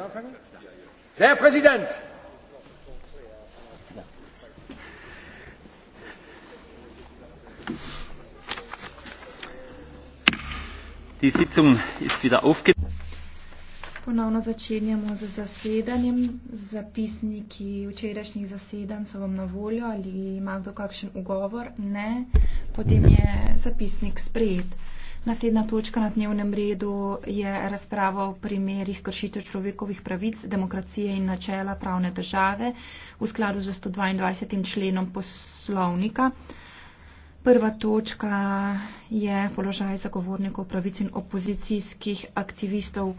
anfangen? Herr Präsident! Die Sitzung ist wieder aufgenommen. Ponovno začenjamo z zasedanjem. Zapisniki včerajšnjih zasedanj so vam na voljo. Ali ima kdo kakšen ugovor? Ne. Potem je zapisnik sprejet. Naslednja točka na dnevnem redu je razprava o primerih kršitev človekovih pravic, demokracije in načela pravne države v skladu z 122. členom poslovnika. Prva točka je položaj zagovornikov pravic in opozicijskih aktivistov.